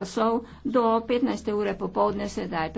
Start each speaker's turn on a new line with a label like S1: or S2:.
S1: glasov do petnajste ure popoldne sedaj.